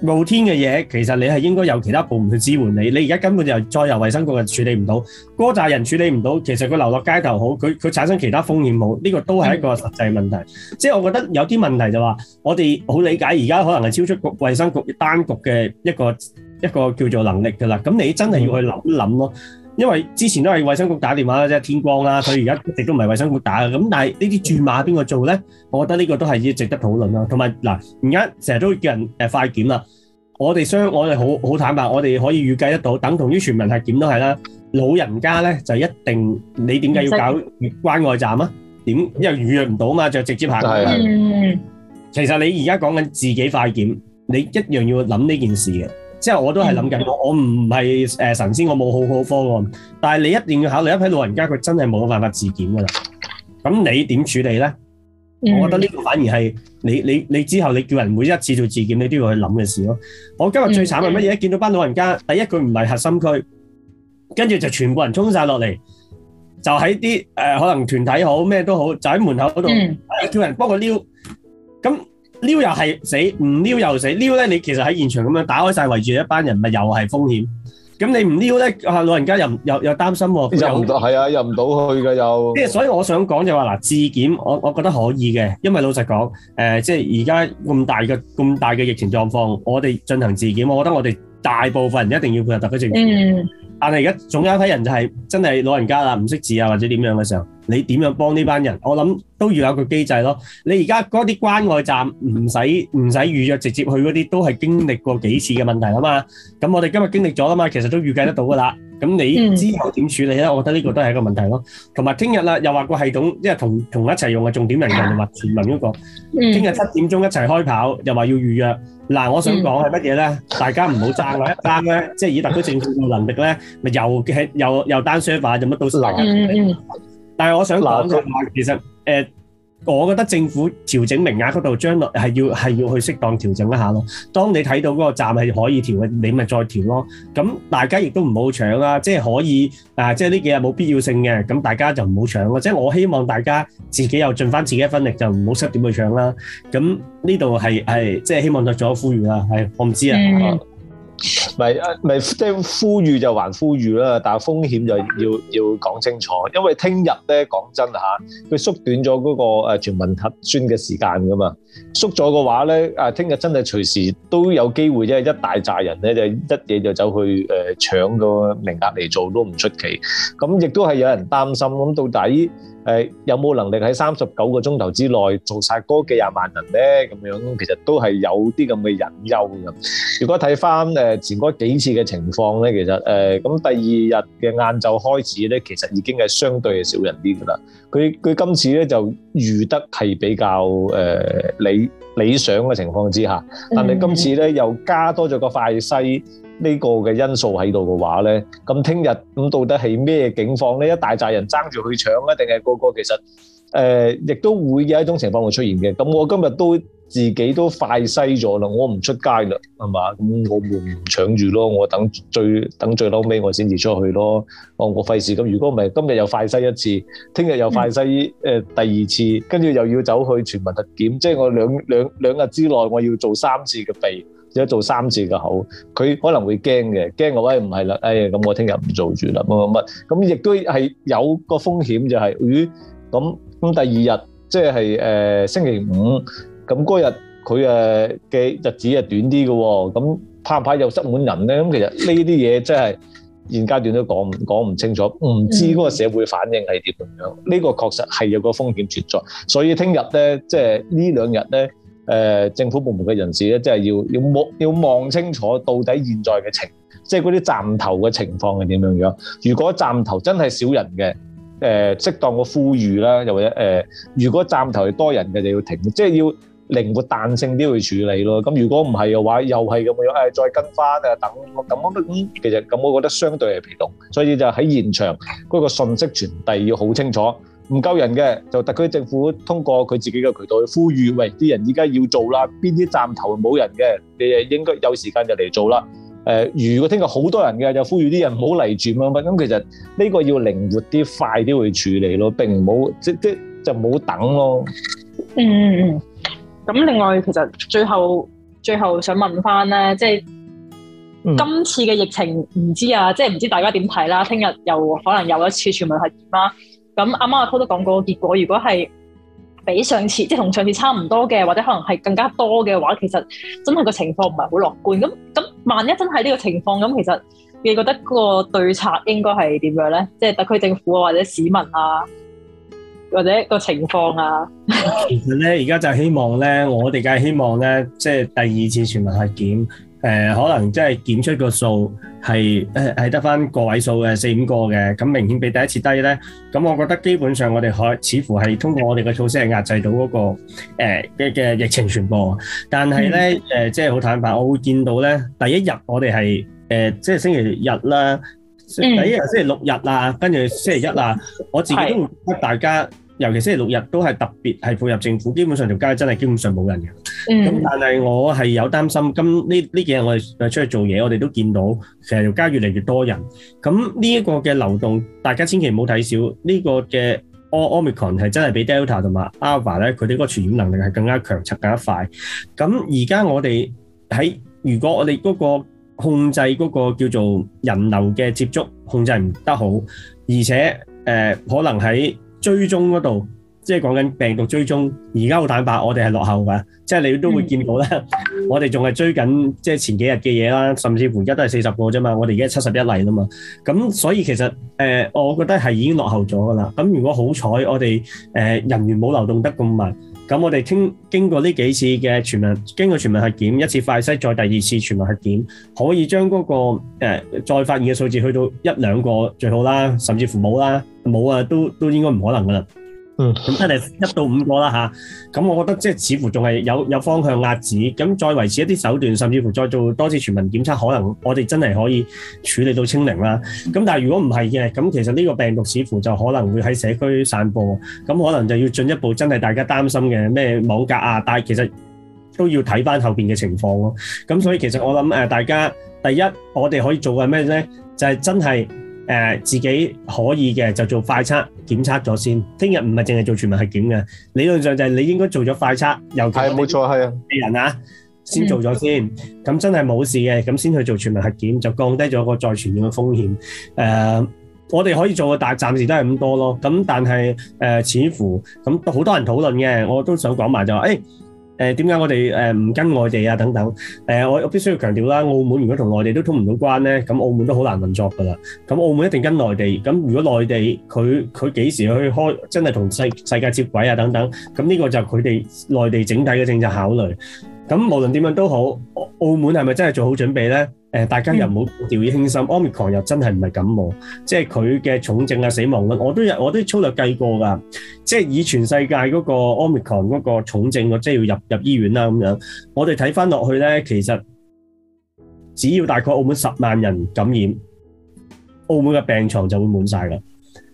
露天嘅嘢，其實你係應該有其他部門去支援你。你而家根本就再由衛生局嘅處理唔到，嗰扎人處理唔到，其實佢流落街頭好，佢佢產生其他風險好，呢個都係一個實際問題。嗯。即係我覺得有啲問題就話，我哋好理解而家可能係超出衛生局單局嘅一個一個叫做能力噶啦。咁你真係要去諗一諗咯。因為之前都係衞生局打電話嘅啫，天光啦，佢而家一直都唔係衞生局打嘅，咁但係呢啲轉碼邊個做咧？我覺得呢個都係要值得討論啦。同埋嗱，而家成日都叫人誒快檢啦，我哋相我哋好好坦白，我哋可以預計得到，等同於全民核檢都係啦。老人家咧就一定，你點解要搞關外站啊？點因為預約唔到啊嘛，就直接行。嗯，其實你而家講緊自己快檢，你一樣要諗呢件事嘅。之後我都係諗緊，我我唔係誒神仙，我冇好好方案。但係你一定要考慮一批老人家，佢真係冇辦法自檢㗎啦。咁你點處理咧？我覺得呢個反而係你你你之後你叫人每一次做自檢，你都要去諗嘅事咯。我今日最慘係乜嘢？見到班老人家，第一句唔係核心區，跟住就全部人衝晒落嚟，就喺啲誒可能團體好咩都好，就喺門口嗰度叫人幫佢撩咁。撩又係死，唔撩又死。撩咧，你其實喺現場咁樣打開晒圍住一班人，咪又係風險。咁你唔撩咧，阿老人家又又又擔心喎。入唔到係啊，入唔到去㗎又。即係所以我想講就話嗱，自檢我我覺得可以嘅，因為老實講，誒、呃、即係而家咁大嘅咁大嘅疫情狀況，我哋進行自檢，我覺得我哋大部分人一定要配合特區政府、嗯。但係而家總有一批人就係真係老人家啦，唔識字或者點樣嘅時候，你點樣幫呢班人？我諗都要有個機制咯。你而家嗰啲關愛站唔使唔使預約，直接去嗰啲都係經歷過幾次嘅問題啊嘛。咁我哋今日經歷咗嘛，其實都預計得到㗎啦。咁你之後點處理呢？嗯、我覺得呢個都係一個問題咯。同埋聽日啦，又話個系統，即係同同一齊用嘅重點人就話全民嗰個，聽、嗯、日七點鐘一齊開跑，又話要預約。嗱，我想講係乜嘢呢、嗯？大家唔好爭啦，一爭咧，即係以特區政府嘅能力咧，咪又又又，又單雙排，又乜都難。嗯，嗯但係我想講嘅話，其實、呃我覺得政府調整名額嗰度，將來係要係要去適當調整一下咯。當你睇到嗰個站係可以調，你咪再調咯。咁大家亦都唔好搶啦，即係可以啊，即係呢幾日冇必要性嘅，咁大家就唔好搶咯。即係我希望大家自己又盡返自己一分力就不要，就唔好失點去搶啦。咁呢度係係即係希望再做一呼籲啦。係我唔知啊。嗯唔係即係呼籲就還呼籲啦，但係風險就要要講清楚，因為聽日呢講真吓，佢縮短咗嗰個誒全民核酸嘅時間噶嘛。縮咗嘅話咧，啊，聽日真係隨時都有機會即係，一大扎人咧就一嘢就走去誒搶個名額嚟做都唔出奇。咁亦都係有人擔心，咁到底誒有冇能力喺三十九個鐘頭之內做晒嗰幾廿萬人咧？咁樣其實都係有啲咁嘅隱憂嘅。如果睇翻誒前嗰幾次嘅情況咧，其實誒咁第二日嘅晏晝開始咧，其實已經係相對係少人啲噶啦。佢佢今次咧就。預得係比較誒、呃、理理想嘅情況之下，但係今次咧又加多咗個快篩呢個嘅因素喺度嘅話咧，咁聽日咁到底係咩境況咧？一大扎人爭住去搶啊，定係個個其實誒亦、呃、都會有一種情況會出現嘅。咁我今日都。自己都快篩咗啦，我唔出街啦，係嘛？咁我咪唔搶住咯，我等最等最嬲尾我先至出去咯。我我費事咁，如果唔係今日又快篩一次，聽日又快篩誒第二次，跟住又要走去全民特檢，嗯、即係我兩兩兩日之內我要做三次嘅鼻，而家做三次嘅口，佢可能會驚嘅，驚我話唔係啦，哎呀咁、哎、我聽日唔做住啦乜乜乜，咁亦都係有個風險就係、咦，咁咁第二日即係誒、呃、星期五。咁嗰日佢誒嘅日子係短啲嘅喎，咁怕唔怕又塞滿人咧？咁其實呢啲嘢真係現階段都講唔清楚，唔知嗰個社會反應係點樣。呢、這個確實係有個風險存在，所以聽日咧，即、就、係、是、呢兩日咧，政府部門嘅人士咧，即係要要要望清楚到底現在嘅情，即係嗰啲站頭嘅情況係點樣樣。如果站頭真係少人嘅，誒、呃、適當嘅呼籲啦，又或者、呃、如果站頭係多人嘅就要停，即、就、係、是、要。靈活彈性啲去處理咯，咁如果唔係嘅話，又係咁嘅樣，哎，再跟翻啊等咁咁咁，其實咁我覺得相對係疲勞，所以就喺現場嗰、那個信息傳遞要好清楚，唔夠人嘅就特區政府通過佢自己嘅渠道去呼籲，喂，啲人而家要做啦，邊啲站頭冇人嘅，你誒應該有時間就嚟做啦。誒、呃、如果聽日好多人嘅，就呼籲啲人唔好嚟住乜乜咁，其實呢個要靈活啲、快啲去處理咯，並唔好即即就唔好等咯。嗯。咁另外，其實最後最後想問翻咧，即係、嗯、今次嘅疫情唔知啊，即係唔知大家點睇啦。聽日又可能又一次全民核檢啦。咁啱啱阿婆都講過結果，如果係比上次即係同上次差唔多嘅，或者可能係更加多嘅話，其實真係個情況唔係好樂觀。咁咁萬一真係呢個情況，咁其實你覺得個對策應該係點樣咧？即係特區政府啊，或者市民啊？或者個情況啊，其實咧，而家就希望咧，我哋梗係希望咧，即係第二次全民核檢，誒，可能即係檢出個數係誒係得翻個位數嘅四五個嘅，咁明顯比第一次低咧。咁我覺得基本上我哋可似乎係通過我哋嘅措施係壓制到嗰個誒嘅嘅疫情傳播。但係咧誒，即係好坦白，我會見到咧第一日我哋係誒即係星期日啦，嗯、第一日星期六日啊，跟住星期一啊，嗯、我自己都唔覺得大家。尤其星期六日都係特別係配合政府，基本上條街真係基本上冇人嘅。咁、嗯、但係我係有擔心，今呢呢幾日我哋出去做嘢，我哋都見到成條街越嚟越多人。咁呢一個嘅流動，大家千祈唔好睇少呢個嘅 O Omicron 係真係比 Delta 同埋 Alpha 咧，佢哋嗰個傳染能力係更加強、拆更加快。咁而家我哋喺如果我哋嗰個控制嗰個叫做人流嘅接觸控制唔得好，而且誒、呃、可能喺追蹤嗰度，即係講緊病毒追蹤。而家好坦白，我哋係落後嘅，即係你都會見到啦。我哋仲係追緊即係前幾日嘅嘢啦，甚至乎而家都係四十個啫嘛。我哋而家七十一例啦嘛。咁所以其實誒，我覺得係已經落後咗㗎啦。咁如果好彩，我哋誒人員冇流動得咁慢。咁我哋經經過呢幾次嘅全民經過全民核檢，一次快篩再第二次全民核檢，可以將嗰個，呃，再發現嘅數字去到一兩個最好啦，甚至乎冇啦，冇啊都都應該唔可能㗎啦。嗯，咁真係一到五個啦嚇，咁我覺得即係似乎仲係有有方向壓止，咁再維持一啲手段，甚至乎再做多次全民檢測，可能我哋真係可以處理到清零啦。咁但係如果唔係嘅，咁其實呢個病毒似乎就可能會喺社區散播，咁可能就要進一步真係大家擔心嘅咩網格啊，但係其實都要睇翻後面嘅情況咯。咁所以其實我諗誒，大家第一我哋可以做嘅係咩咧，就係、是、真係。誒、呃、自己可以嘅就做快測檢測咗先，聽日唔係淨係做全民核檢嘅，理論上就係你應該做咗快測，尤其係冇錯係啊，病人啊先做咗先，咁、嗯、真係冇事嘅，咁先去做全民核檢就降低咗個再傳染嘅風險。誒、呃，我哋可以做嘅，但暫時都係咁多咯。咁但係誒、呃，似乎咁好多人討論嘅，我都想講埋就話誒。欸誒，點解我哋誒唔跟外地啊等等？誒，我我必須要強調啦，澳門如果同內地都通唔到關咧，咁澳門都好難運作噶啦。咁澳門一定跟內地，咁如果內地佢佢幾時去開，真係同世世界接軌啊等等。咁呢個就佢哋內地整體嘅政策考慮。咁無論點樣都好，澳澳門係咪真係做好準備咧？誒，大家又唔好掉以輕心，o m 奧密 o n 又真係唔係感冒，即係佢嘅重症啊、死亡率，我都有，我都粗略計過㗎。即係以全世界嗰個 i c 克戎嗰個重症，即係要入入醫院啦咁樣。我哋睇翻落去咧，其實只要大概澳門十萬人感染，澳門嘅病床就會滿晒㗎，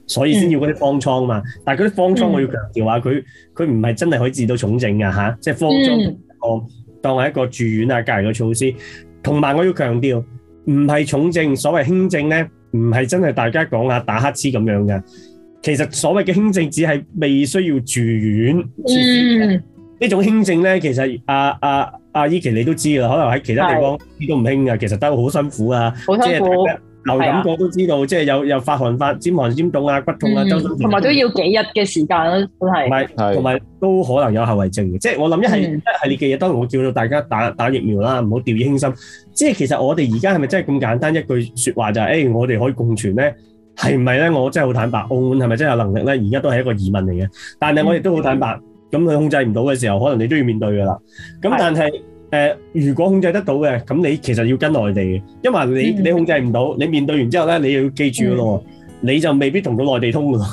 所以先要嗰啲方艙嘛。嗯、但係嗰啲方艙，我要強調話，佢佢唔係真係可以治到重症㗎嚇、啊，即係方艙個、嗯、當係一個住院啊隔離嘅措施。同埋我要強調，唔係重症，所謂輕症呢，唔係真係大家講下打喊露咁樣㗎。其實所謂嘅輕症，只係未需要住院呢、嗯、種輕症呢，其實、啊啊啊、阿阿阿依琪你都知啦，可能喺其他地方都唔輕嘅，其實都好辛苦啊，即係。就係流感過都知道，即係有有發寒發尖寒尖凍啊，骨痛啊，同埋都要幾日嘅時間啦，真係。同埋都可能有後遺症嘅。即係我諗一系列嘅嘢、嗯，當然我叫到大家打打疫苗啦，唔好掉以輕心。即係其實我哋而家係咪真係咁簡單一句説話就誒、係欸，我哋可以共存咧？係唔係咧？我真係好坦白，澳門係咪真係有能力咧？而家都係一個疑問嚟嘅。但係我亦都好坦白，咁、嗯、佢控制唔到嘅時候，可能你都要面對噶啦。咁但係。誒、呃，如果控制得到嘅，咁你其實要跟內地嘅，因為你你控制唔到，你面對完之後咧，你要記住嘅咯喎，你就未必同到內地通嘅咯。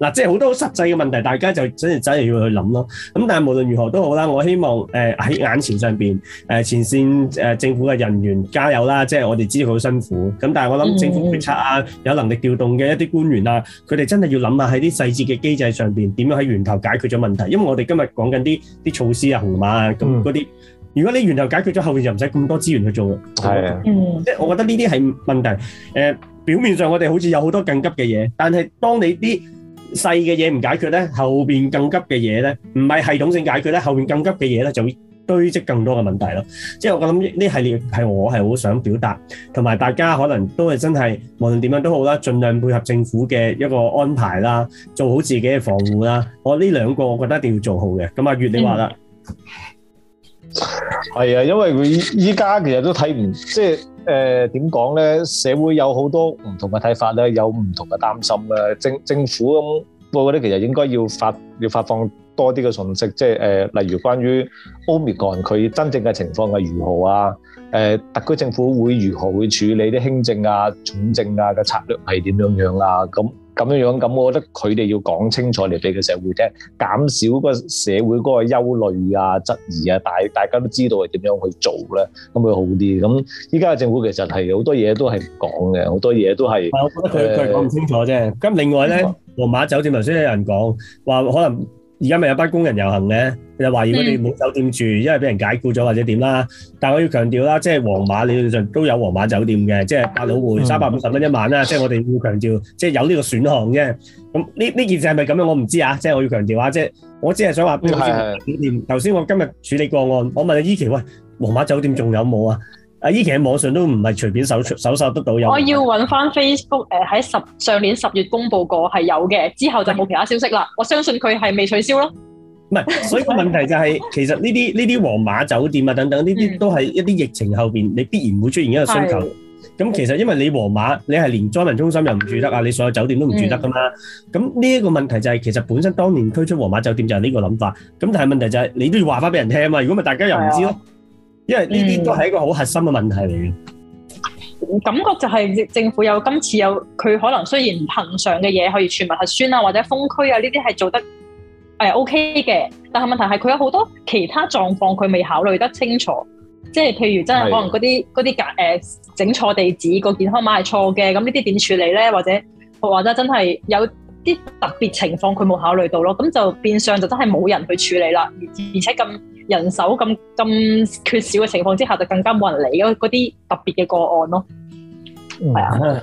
嗱、 呃，即係好多好實際嘅問題，大家就真係真係要去諗咯。咁但係無論如何都好啦，我希望誒喺、呃、眼前上邊誒、呃、前線誒、呃、政府嘅人員加油啦，即係我哋知道好辛苦。咁但係我諗政府決策啊，有能力調動嘅一啲官員啊，佢哋真係要諗下喺啲細節嘅機制上邊點樣喺源頭解決咗問題。因為我哋今日講緊啲啲措施啊、紅碼啊咁啲。嗯如果你源頭解決咗，後面就唔使咁多資源去做啦。係啊，即係我覺得呢啲係問題。誒，表面上我哋好似有好多更急嘅嘢，但係當你啲細嘅嘢唔解決咧，後邊更急嘅嘢咧，唔係系統性解決咧，後邊更急嘅嘢咧就會堆積更多嘅問題咯。即係我諗呢系列係我係好想表達，同埋大家可能都係真係無論點樣都好啦，盡量配合政府嘅一個安排啦，做好自己嘅防護啦。我呢兩個我覺得一定要做好嘅。咁，阿月你話啦。係啊，因為佢依家其實都睇唔即係誒，點講咧？社會有好多唔同嘅睇法咧，有唔同嘅擔心啦。政政府咁，我覺得其實應該要發要發放多啲嘅訊息，即係誒、呃，例如關於 Omicron 佢真正嘅情況係如何啊？誒、呃，特區政府會如何會處理啲輕症啊、重症啊嘅策略係點樣樣啊？咁。咁樣樣咁，我覺得佢哋要講清楚嚟俾個社會聽，減少個社會嗰個憂慮啊、質疑啊，大大家都知道係點樣去做咧，咁會好啲。咁依家嘅政府其實係好多嘢都係唔講嘅，好多嘢都係。係，我覺得佢佢係講唔清楚啫。咁另外咧，皇馬酒店頭先有人講話，可能。而家咪有一班工人遊行嘅，就如果佢哋冇酒店住，因為畀人解雇咗或者點啦。但我要強調啦，即係皇馬理論上都有皇馬酒店嘅，即係百老匯三百五十蚊一晚啦、嗯。即係我哋要強調，即係有呢個選項嘅。咁呢件事係咪咁樣？我唔知啊。即係我要強調啊，即係我只係想話，頭先我今日處理個案，我問阿依琪喂，皇馬酒店仲有冇啊？啊！依期喺網上都唔係隨便搜搜搜得到有。我要揾翻 Facebook 誒喺十上年十月公佈過係有嘅，之後就冇其他消息啦。我相信佢係未取消咯。唔係，所以個問題就係、是、 其實呢啲呢啲皇馬酒店啊等等呢啲都係一啲疫情後邊你必然會出現一個需求。咁其實因為你皇馬你係連災民中心又唔住得啊，你所有酒店都唔住得噶嘛。咁呢一個問題就係、是、其實本身當年推出皇馬酒店就係呢個諗法。咁但係問題就係、是、你都要話翻俾人聽啊！嘛，如果咪大家又唔知咯。因為呢啲都係一個好核心嘅問題嚟嘅，嗯，感覺就係政府有今次有佢可能雖然平常嘅嘢可以全民核酸啊或者封區啊呢啲係做得係 OK 嘅，但係問題係佢有好多其他狀況佢未考慮得清楚，即係譬如真係可能嗰啲啲呃整錯地址個健康碼係錯嘅，咁呢啲點處理咧？或者或者真係有啲特別情況佢冇考慮到咯，咁就變相就真係冇人去處理啦，而而且咁。人手咁咁缺少嘅情況之下，就更加冇人理嗰啲特別嘅個案咯，係啊，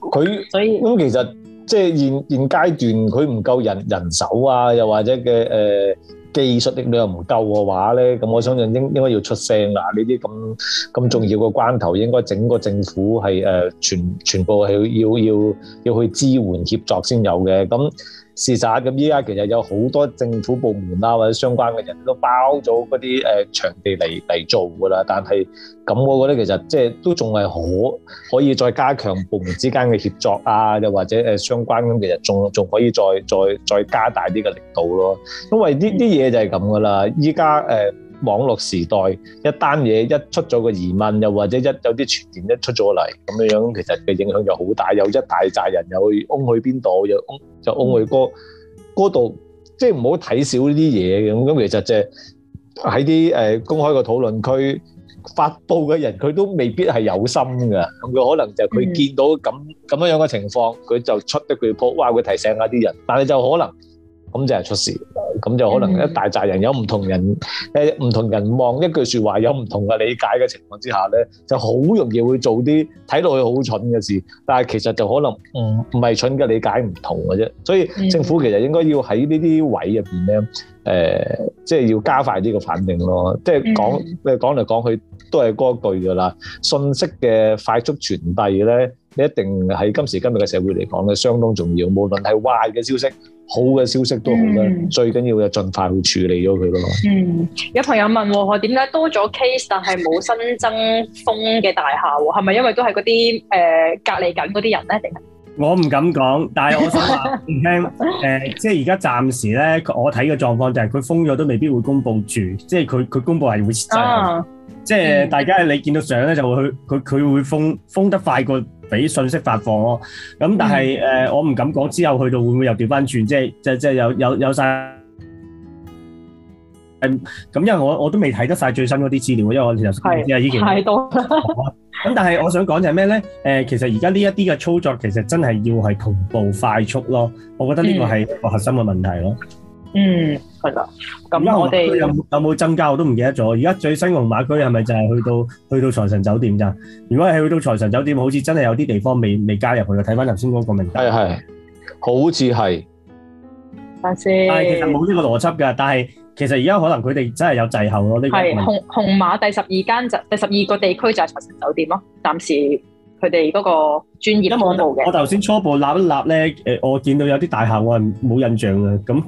佢所以咁其實即係現現階段佢唔夠人人手啊，又或者嘅誒、呃、技術力量唔夠嘅話咧，咁我相信應應該要出聲啊！呢啲咁咁重要嘅關頭，應該整個政府係誒、呃、全全部係要要要去支援協助先有嘅咁。事實咁，依家其實有好多政府部門啦，或者相關嘅人，都包咗嗰啲誒場地嚟嚟做㗎喇。但係咁，我覺得其實即係都仲係可可以再加強部門之間嘅協作啊，又或者誒相關咁，其實仲仲可以再再再加大啲嘅力度咯。因為呢啲嘢就係咁㗎喇，依家誒。呃網絡時代，一單嘢一出咗個疑問，又或者一有啲傳言一出咗嚟，咁樣樣其實嘅影響就好大，有一大扎人又㧬去邊度，又㧬就㧬去嗰嗰度，即係唔好睇少呢啲嘢嘅。咁其實就喺啲誒公開嘅討論區發佈嘅人，佢都未必係有心㗎，佢可能就佢見到咁咁樣樣嘅情況，佢就出得句鋪，哇！佢會提醒下啲人，但係就可能咁就係出事。咁就可能一大扎人有唔同人，唔、mm -hmm. 同人望一句說話，有唔同嘅理解嘅情況之下咧，就好容易會做啲睇落去好蠢嘅事，但係其實就可能唔唔係蠢嘅理解唔同嘅啫，所以政府其實應該要喺呢啲位入邊咧，誒即係要加快呢個反應咯，即係講你講嚟講去都係嗰句噶啦，信息嘅快速傳遞咧。一定喺今時今日嘅社會嚟講咧，相當重要。無論係壞嘅消息、好嘅消息都好咧，嗯，最緊要嘅盡快去處理咗佢咯。嗯，有朋友問我：「點解多咗 case 但係冇新增封嘅大廈喎？係咪因為都係嗰啲誒隔離緊嗰啲人咧？定係？我唔敢講，但係我想話聽、 呃、即係而家暫時呢，我睇嘅狀況就係佢封咗都未必會公布住，即係佢佢公布係會制、哦，即係大家你見到相呢，就會佢佢會封封得快過俾信息發放咯。咁、嗯、但係誒、嗯呃，我唔敢講之後去到會唔會又調翻轉，即係即係有有有曬。誒，咁因為我我都未睇得晒最新嗰啲資料，因為我其實唔知啊。依件太多咁，但係我想講就係咩咧？誒，其實而家呢一啲嘅操作其實真係要係同步快速咯。我覺得呢個係個核心嘅問題咯。嗯，係、嗯、啦。咁、嗯、我哋有有冇增加我都唔記得咗。而家最新嘅紅馬區係咪就係去到去到財神酒店咋？如果係去到財神酒店，好似真係有啲地方未未加入去。睇翻頭先嗰個名單，係係，好似係。但先。係其實冇呢個邏輯噶，但係。其實而家可能佢哋真係有滯後咯，呢、這個係紅紅馬第十二間就第十二個地區就係財神酒店咯。暫時佢哋嗰個專業都冇到嘅。我頭先初步立一立咧，誒，我見到有啲大廈，我係冇印象嘅。咁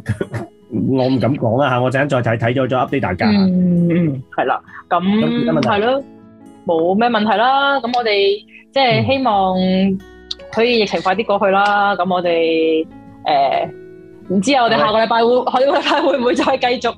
我唔敢講啦吓，我陣間再睇睇咗再 update 大家。嗯嗯，係啦，咁問題咯，冇咩問題啦。咁我哋即係希望可以疫情快啲過去啦。咁我哋誒。呃唔知啊！我哋下個禮拜會下個禮拜會唔會再繼續？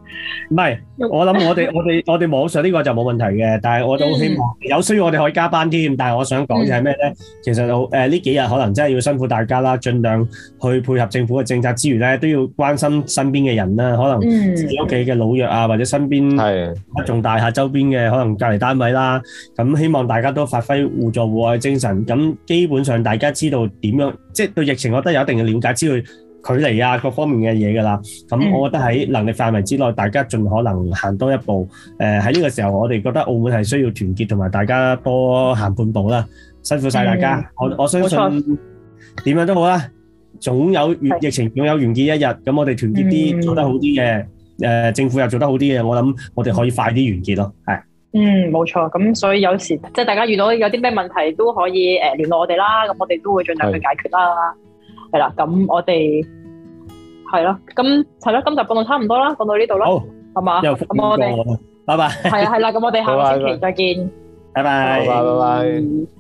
唔係，我諗我哋我哋我哋網上呢個就冇問題嘅，但係我都希望 有需要我哋可以加班添。但係我想講嘅係咩咧？其實誒呢幾日可能真係要辛苦大家啦，儘量去配合政府嘅政策之餘咧，都要關心身邊嘅人啦。可能自己屋企嘅老弱啊，或者身邊一棟大廈周邊嘅可能隔離單位啦。咁希望大家都發揮互助互愛精神。咁基本上大家知道點樣，即係對疫情我覺得有一定嘅了解之類。距離啊，各方面嘅嘢噶啦，咁我覺得喺能力範圍之內，嗯、大家盡可能行多一步。誒喺呢個時候，我哋覺得澳門係需要團結，同埋大家多行半步啦。辛苦晒大家，嗯，我我相信點樣都好啦，總有疫情總有完結一日。咁我哋團結啲、嗯，做得好啲嘅，誒政府又做得好啲嘅，我諗我哋可以快啲完結咯。係。嗯，冇錯。咁所以有時即係大家遇到有啲咩問題都可以誒、呃、聯絡我哋啦，咁我哋都會盡量去解決啦。係啦，咁我哋係咯，咁係咯，今日講到差唔多啦，講到呢度啦，好，係嘛，咁我哋拜拜，係啊，係啦，咁我哋下個星期再見，拜拜，拜拜。